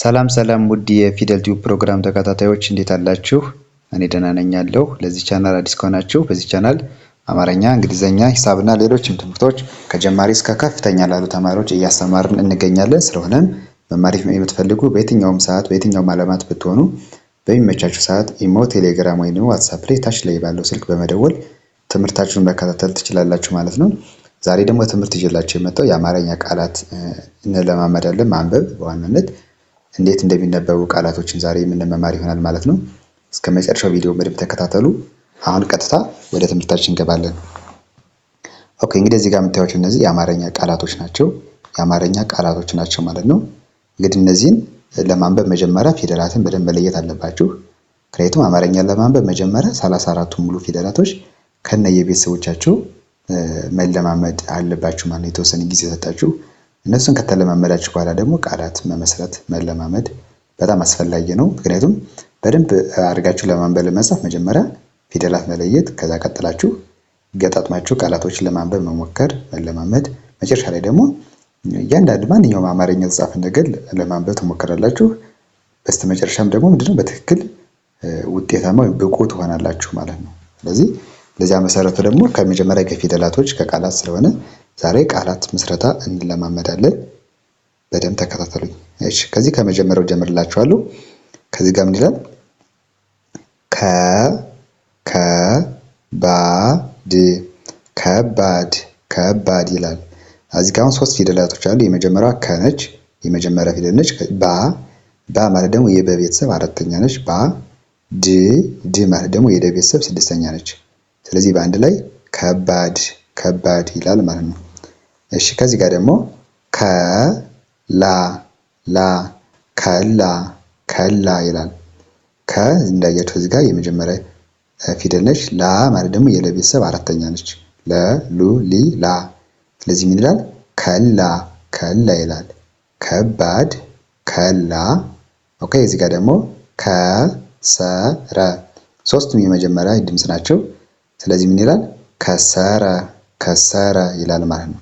ሰላም ሰላም ውድ የፊደል ቲዩብ ፕሮግራም ተከታታዮች እንዴት አላችሁ? እኔ ደህና ነኝ ያለሁ። ለዚህ ቻናል አዲስ ከሆናችሁ በዚህ ቻናል አማርኛ፣ እንግሊዝኛ፣ ሂሳብና ሌሎችም ትምህርቶች ከጀማሪ እስከ ከፍተኛ ላሉ ተማሪዎች እያስተማርን እንገኛለን። ስለሆነም መማር የምትፈልጉ በየትኛውም ሰዓት በየትኛውም አለማት ብትሆኑ በሚመቻችሁ ሰዓት ኢሞ፣ ቴሌግራም ወይም ዋትሳፕ ላይ ታች ላይ ባለው ስልክ በመደወል ትምህርታችሁን መከታተል ትችላላችሁ ማለት ነው። ዛሬ ደግሞ ትምህርት ይዤላችሁ የመጣው የአማርኛ ቃላት እንለማመዳለን ማንበብ በዋናነት እንዴት እንደሚነበቡ ቃላቶችን ዛሬ የምንመማር ይሆናል ማለት ነው። እስከ መጨረሻው ቪዲዮ በደንብ ተከታተሉ። አሁን ቀጥታ ወደ ትምህርታችን እንገባለን። ኦኬ እንግዲህ እዚህ ጋር የምታዩቸው እነዚህ የአማርኛ ቃላቶች ናቸው። የአማርኛ ቃላቶች ናቸው ማለት ነው። እንግዲህ እነዚህን ለማንበብ መጀመሪያ ፊደላትን በደንብ መለየት አለባችሁ። ምክንያቱም አማርኛ ለማንበብ መጀመሪያ ሰላሳ አራቱ ሙሉ ፊደላቶች ከነ የቤተሰቦቻቸው መለማመድ አለባችሁ ማለት ነው። የተወሰነ ጊዜ ሰጣችሁ እነሱን ከተለማመዳችሁ በኋላ ደግሞ ቃላት መመስረት መለማመድ በጣም አስፈላጊ ነው። ምክንያቱም በደንብ አድርጋችሁ ለማንበብ ለመጻፍ መጀመሪያ ፊደላት መለየት፣ ከዛ ቀጥላችሁ ገጣጥማችሁ ቃላቶችን ለማንበብ መሞከር መለማመድ፣ መጨረሻ ላይ ደግሞ እያንዳንድ ማንኛውም አማርኛ የተጻፈ ነገር ለማንበብ ትሞክራላችሁ። በስተመጨረሻም ደግሞ ምንድነው በትክክል ውጤታማ ወይም ብቁ ትሆናላችሁ ማለት ነው። ስለዚህ ለዚያ መሰረቱ ደግሞ ከመጀመሪያ ከፊደላቶች ከቃላት ስለሆነ ዛሬ ቃላት ምስረታ እንለማመዳለን። በደንብ ተከታተሉኝ። እሺ ከዚህ ከመጀመሪያው ጀምርላችኋለሁ። ከዚህ ጋር ምን ይላል? ከ ከባድ ከባድ ከባድ ይላል። እዚህ ጋር አሁን ሶስት ፊደላቶች አሉ። የመጀመሪያዋ ከነች የመጀመሪያ ፊደል ነች። ባ ባ ማለት ደግሞ የበቤተሰብ አራተኛ ነች። ባ ድ ድ ማለት ደግሞ የደ ስድስተኛ ነች። ስለዚህ በአንድ ላይ ከባድ ከባድ ይላል ማለት ነው። እሺ ከዚህ ጋር ደግሞ ከ ላ ከላ ከላ ይላል። ከ እንዳያችሁ እዚህ ጋር የመጀመሪያ ፊደል ነች። ላ ማለት ደግሞ የለቤተሰብ አራተኛ ነች። ሉ ሊ ላ ስለዚህ ምን ይላል? ከላ ከላ ይላል። ከባድ ከላ። ኦኬ እዚህ ጋር ደግሞ ከሰረ ሶስቱም የመጀመሪያ ድምፅ ናቸው። ስለዚህ ምን ይላል? ከሰረ ከሰረ ይላል ማለት ነው።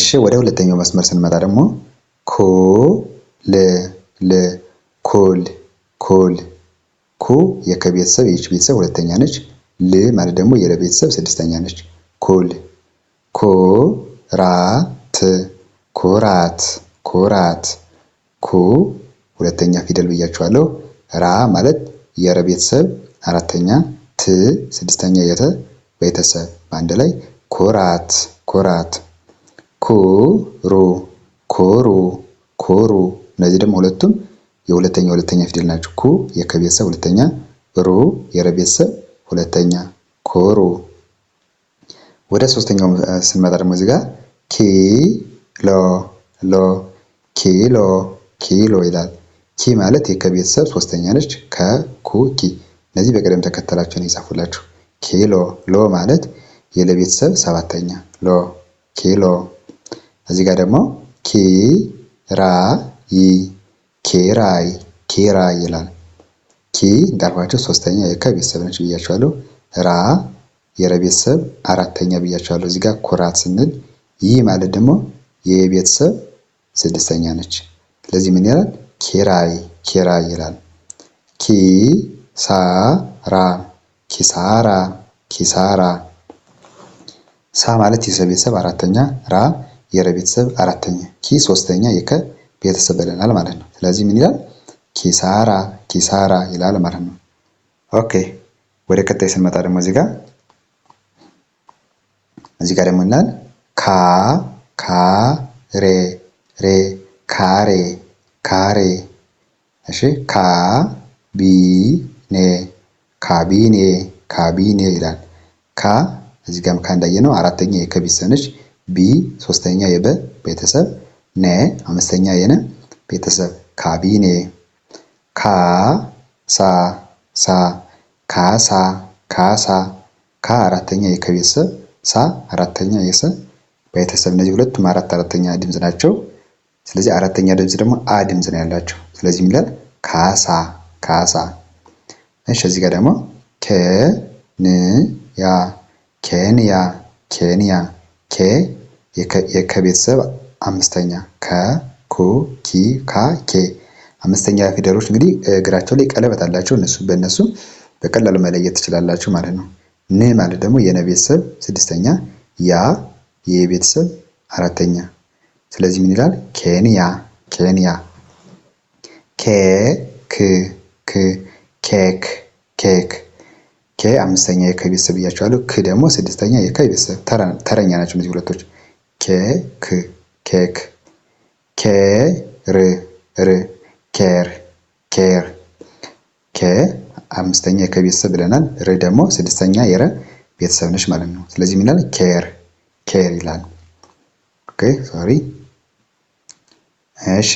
እሺ ወደ ሁለተኛው መስመር ስንመጣ ደግሞ ኩ ል ል ኩል ኩል ኩ የከ ቤተሰብ የች ቤተሰብ ሁለተኛ ነች። ል ማለት ደግሞ የለ ቤተሰብ ስድስተኛ ነች። ኩል ኩ ራ ት ኩራት ኩራት ኩ ሁለተኛ ፊደል ብያችኋለሁ። ራ ማለት የረ ቤተሰብ አራተኛ ት ስድስተኛ የተ ቤተሰብ በአንድ ላይ ኩራት ኩራት ኩሩ ኮሩ እነዚህ ደግሞ ሁለቱም የሁለተኛ ሁለተኛ ፊደል ናቸው። ኩ የከ ቤተሰብ ሁለተኛ፣ ሩ የረ ቤተሰብ ሁለተኛ። ኮሩ ወደ ሶስተኛው ስንመጣ ደግሞ እዚህ ጋር ኪሎ ሎ ኪሎ ኪሎ ይላል። ኪ ማለት የከ ቤተሰብ ሶስተኛ ነች። ከኩ ኪ እነዚህ በቅደም ተከተላቸው ነው የጻፉላችሁ። ኪሎ ሎ ማለት የለቤተሰብ ሰባተኛ ሎ ኪሎ እዚህ ጋር ደግሞ ኪራይ ኪራይ ኪራይ ይላል። ኪ እንዳልኳቸው ሶስተኛ የከ ቤተሰብ ነች ብያቸዋለሁ። ራ የረ ቤተሰብ አራተኛ ብያቸዋለሁ። እዚህ ጋር ኩራት ስንል ይህ ማለት ደግሞ የቤተሰብ ስድስተኛ ነች። ስለዚህ ምን ይላል? ኪራይ ኪራይ ይላል። ኪ ሳ ራ ኪሳራ ኪሳራ ሳ ማለት የሰ ቤተሰብ አራተኛ ራ የረ ቤተሰብ አራተኛ ኪ ሶስተኛ የከ ቤተሰብ ብለናል ማለት ነው። ስለዚህ ምን ይላል? ኪሳራ ኪሳራ ይላል ማለት ነው። ኦኬ ወደ ቀጣይ ስንመጣ ደግሞ እዚህ ጋር እዚህ ጋር ደግሞ እናል ካ ካ ሬ ሬ ካሬ ካሬ እሺ ካ ቢ ኔ ካቢኔ ካቢኔ ይላል። ካ እዚህ ጋር ከ እንዳየ ነው አራተኛ የከ ቤተሰብ ነች። ቢ ሶስተኛ የበ ቤተሰብ ነ አምስተኛ የነ ቤተሰብ ካቢኔ ካ ሳ ሳ ካሳ ካሳ ካ አራተኛ የከ ቤተሰብ ሳ አራተኛ የሰ ቤተሰብ እነዚህ ሁለቱም አራት አራተኛ ድምፅ ናቸው። ስለዚህ አራተኛ ድምፅ ደግሞ አ ድምፅ ነው ያላቸው። ስለዚህ ሚላል ካሳ ካሳ። እሺ እዚህ ጋር ደግሞ ኬንያ ኬንያ ኬንያ ኬ የከቤተሰብ አምስተኛ ከ ኩ ኪ ካ ኬ አምስተኛ ፊደሎች እንግዲህ እግራቸው ላይ ቀለበት አላቸው። እነሱ በእነሱ በቀላሉ መለየት ትችላላችሁ ማለት ነው። ን ማለት ደግሞ የነ ቤተሰብ ስድስተኛ፣ ያ የቤተሰብ አራተኛ። ስለዚህ ምን ይላል? ኬንያ ኬንያ። ኬ ክ ክ ኬክ ኬክ ኬ አምስተኛ የከ ቤተሰብ ብያቸዋለሁ። ክ ደግሞ ስድስተኛ የከ ቤተሰብ ተረኛ ናቸው እነዚህ ሁለቶች። ኬ ክ ኬክ፣ ኬ ር ር ኬር ኬር። ኬ አምስተኛ የከ ቤተሰብ ብለናል። ር ደግሞ ስድስተኛ የረ ቤተሰብ ነች ማለት ነው። ስለዚህ ምን ይላል? ኬር ኬር ይላል። ኦኬ ሶሪ። እሺ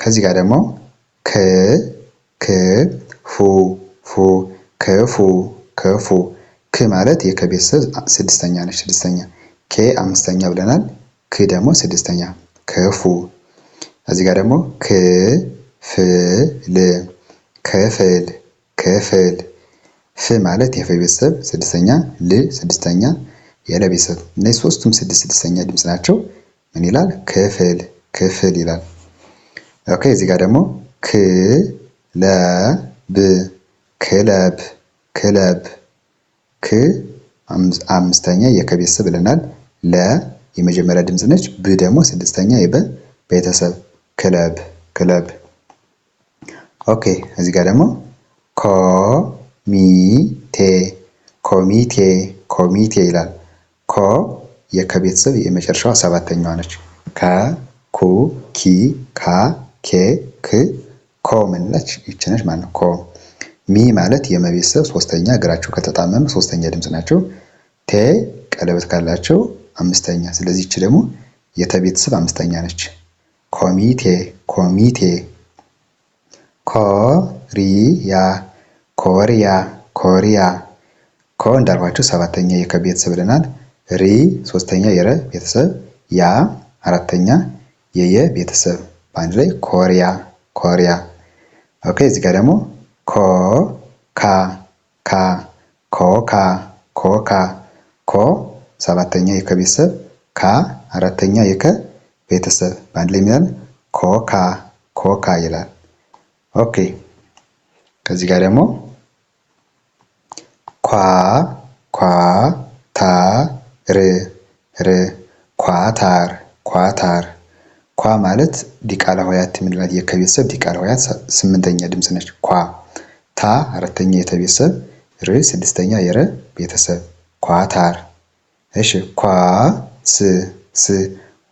ከዚህ ጋር ደግሞ ክ ክ ፉ ፉ ከፎ ከፎ ክ ማለት የከ ቤተሰብ ስድስተኛ ነች። ስድስተኛ ኬ አምስተኛ ብለናል። ክ ደግሞ ስድስተኛ ከፉ። እዚህ ጋር ደግሞ ክ ፍ ል ክፍል ክፍል ፍ ማለት የፈ ቤተሰብ ስድስተኛ ል ስድስተኛ የለ ቤተሰብ እነዚህ ሶስቱም ስድስት ስድስተኛ ድምፅ ናቸው። ምን ይላል? ክፍል ክፍል ይላል። ኦኬ እዚህ ጋር ደግሞ ክ ለ ብ ክለብ ክለብ ክ አምስተኛ የከ ብለናል። ለ የመጀመሪያ ድምፅ ነች። ብ ደግሞ ስድስተኛ የበ ቤተሰብ ክለብ ክለብ። ኦኬ እዚህ ጋር ደግሞ ኮሚቴ ኮሚቴ ኮሚቴ ይላል። ኮ የከቤተሰብ የመጨረሻዋ ሰባተኛዋ ነች። ከ ኩ ኪ ካ ኬ ክ ኮ ምንለች ይችነች ማለት ነው። ኮ ሚ ማለት የመቤተሰብ ሶስተኛ፣ እግራቸው ከተጣመመ ሶስተኛ ድምፅ ናቸው። ቴ ቀለበት ካላቸው አምስተኛ። ስለዚህ ይቺ ደግሞ የተቤተሰብ አምስተኛ ነች። ኮሚቴ ኮሚቴ። ኮሪያ ኮሪያ ኮሪያ። ኮ እንዳልኳቸው ሰባተኛ የከቤተሰብ ብለናል። ሪ ሶስተኛ የረ ቤተሰብ፣ ያ አራተኛ የየ ቤተሰብ። በአንድ ላይ ኮሪያ ኮሪያ። ኦኬ እዚህ ጋር ደግሞ ኮካ ካ ኮካ ኮካ ኮ ሰባተኛ የከ ቤተሰብ ካ አራተኛ የከ ቤተሰብ በአንድ ላይ የሚላል ኮካ ኮካ ይላል። ኦኬ ከዚህ ጋር ደግሞ ኳ ኳ ታ ር ር ኳታር ኳታር ኳ ማለት ዲቃላ ሆሄያት የምንላት የከ ቤተሰብ ዲቃላ ሆሄያት ስምንተኛ ድምፅ ነች ኳ ታ አራተኛ የተቤተሰብ ር ስድስተኛ የረ ቤተሰብ ኳታር። እሺ ኳ ስ ስ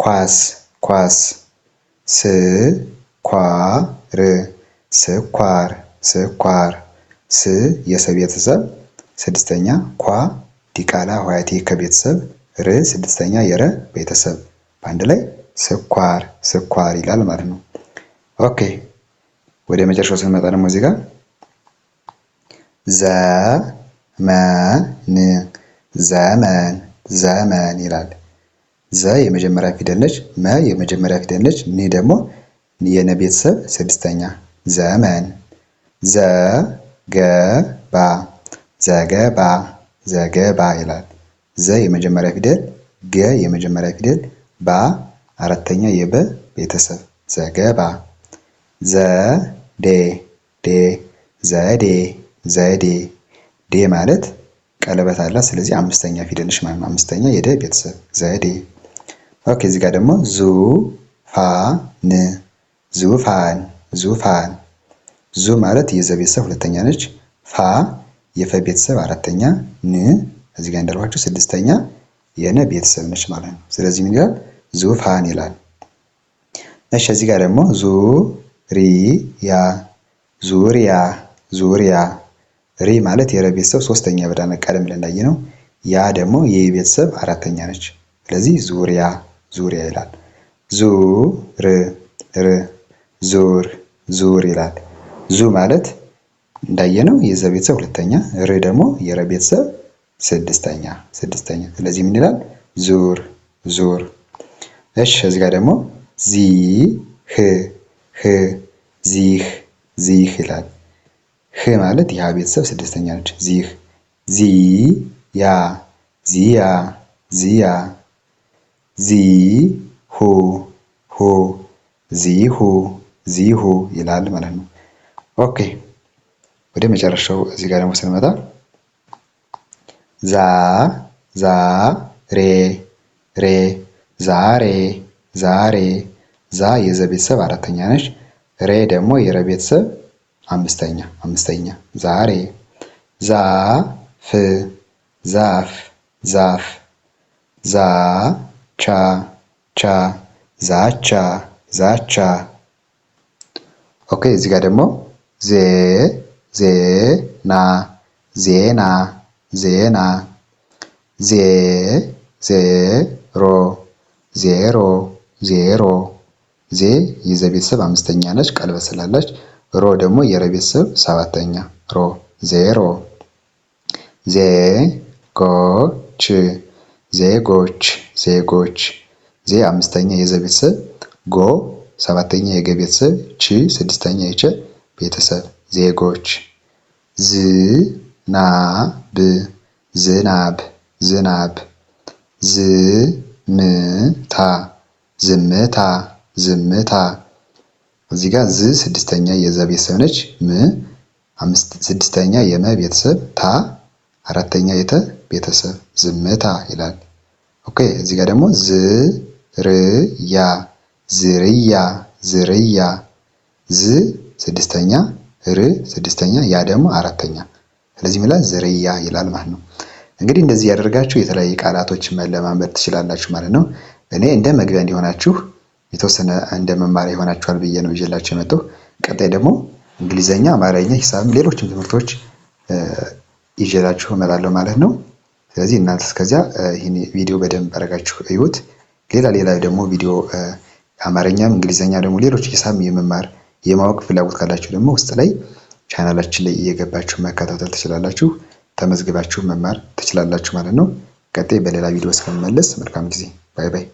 ኳስ ኳስ ስ ኳ ር ስኳር ስኳር ስ የሰ ቤተሰብ ስድስተኛ ኳ ዲቃላ ሆሄያቴ ከቤተሰብ ር ስድስተኛ የረ ቤተሰብ በአንድ ላይ ስኳር ስኳር ይላል ማለት ነው። ኦኬ ወደ መጨረሻው ስንመጣ ደግሞ እዚህ ጋር ዘመን ዘመን ዘመን ይላል። ዘ የመጀመሪያ ፊደል ነች። መ የመጀመሪያ ፊደል ነች። ኒ ደግሞ የነ ቤተሰብ ስድስተኛ ዘመን ዘገባ ዘገባ ዘገባ ይላል። ዘ የመጀመሪያ ፊደል፣ ገ የመጀመሪያ ፊደል፣ ባ አራተኛ የበ ቤተሰብ ዘገባ ዘዴ ዴ ዘዴ ዘዴ ዴ ማለት ቀለበት አላት። ስለዚህ አምስተኛ ፊደል ነች ማለት ነው። አምስተኛ የደ ቤተሰብ ዘዴ። ኦኬ እዚህ ጋር ደግሞ ዙ ፋ ን ዙፋን ዙፋን ዙ ማለት የዘ ቤተሰብ ሁለተኛ ነች። ፋ የፈ ቤተሰብ አራተኛ፣ ን እዚህ ጋር እንዳልኳችሁ ስድስተኛ የነ ቤተሰብ ነች ማለት ነው። ስለዚህ ምን ይላል? ዙፋን ይላል። እሺ እዚህ ጋር ደግሞ ዙ ሪ ያ ዙሪያ ዙሪያ ሪ ማለት የረ ቤተሰብ ሶስተኛ ብዳነ ቀደም ብለን ነው። ያ ደግሞ የይ ቤተሰብ አራተኛ ነች። ስለዚህ ዙሪያ ዙሪያ ይላል። ዙ ር ር ዙር ዙር ይላል። ዙ ማለት እንዳየ ነው የዘ ቤተሰብ ሁለተኛ፣ ር ደግሞ የረ ቤተሰብ ስድስተኛ ስድስተኛ። ስለዚህ ምን ይላል? ዙር ዙር። እሺ እዚህ ጋር ደግሞ ዚ ህ ህ ዚህ ዚህ ይላል። ህ ማለት የሀ ቤተሰብ ስድስተኛ ነች። ዚህ ዚ ያ ዚያ ዚያ ዚ ሁ ሁ ዚሁ ዚሁ ይላል ማለት ነው። ኦኬ ወደ መጨረሻው እዚህ ጋር ደግሞ ስንመጣ ዛ ዛ ሬ ሬ ዛሬ ዛሬ ዛ የዘ ቤተሰብ አራተኛ ነች። ሬ ደግሞ የረ ቤተሰብ አምስተኛ አምስተኛ ዛሬ ዛፍ ዛፍ ዛፍ ዛ ቻ ቻ ዛቻ ዛቻ ኦኬ እዚህ ጋር ደግሞ ዜ ዜ ና ዜና ዜና ዜ ዜ ሮ ዜሮ ዜሮ ዜ የዘ ቤተሰብ አምስተኛ ነች ቀልበ ስላለች ሮ ደግሞ የረ ቤተሰብ ሰባተኛ ሮ ዜሮ ዜጎች ዜጎች ዜጎች ዜ አምስተኛ የዘ ቤተሰብ ጎ ሰባተኛ የገ ቤተሰብ ች ስድስተኛ የቸ ቤተሰብ ዜጎች ዝናብ ዝናብ ዝናብ ዝምታ ዝምታ ዝምታ እዚህ ጋር ዝ ስድስተኛ የዘ ቤተሰብ ነች። ም ስድስተኛ የመ ቤተሰብ፣ ታ አራተኛ የተ ቤተሰብ ዝምታ ይላል። ኦኬ እዚህ ጋር ደግሞ ዝ ር ያ ዝርያ ዝርያ ዝ ስድስተኛ ር ስድስተኛ ያ ደግሞ አራተኛ ስለዚህ ምላ ዝርያ ይላል ማለት ነው። እንግዲህ እንደዚህ ያደርጋችሁ የተለያዩ ቃላቶችን መለማመድ ትችላላችሁ ማለት ነው። እኔ እንደ መግቢያ እንዲሆናችሁ የተወሰነ እንደ መማሪያ ይሆናቸዋል ብዬ ነው ይዤላቸው የመጣሁ። ቀጣይ ደግሞ እንግሊዘኛ፣ አማርኛ፣ ሂሳብም ሌሎችም ትምህርቶች ይዤላችሁ እመጣለሁ ማለት ነው። ስለዚህ እናንተ እስከዚያ ይህን ቪዲዮ በደንብ አድርጋችሁ እዩት። ሌላ ሌላ ደግሞ ቪዲዮ አማርኛም፣ እንግሊዘኛ ደግሞ ሌሎች ሂሳብ የመማር የማወቅ ፍላጎት ካላችሁ ደግሞ ውስጥ ላይ ቻናላችን ላይ እየገባችሁ መከታተል ትችላላችሁ። ተመዝግባችሁ መማር ትችላላችሁ ማለት ነው። ቀጣይ በሌላ ቪዲዮ እስከምመለስ መልካም ጊዜ። ባይ ባይ።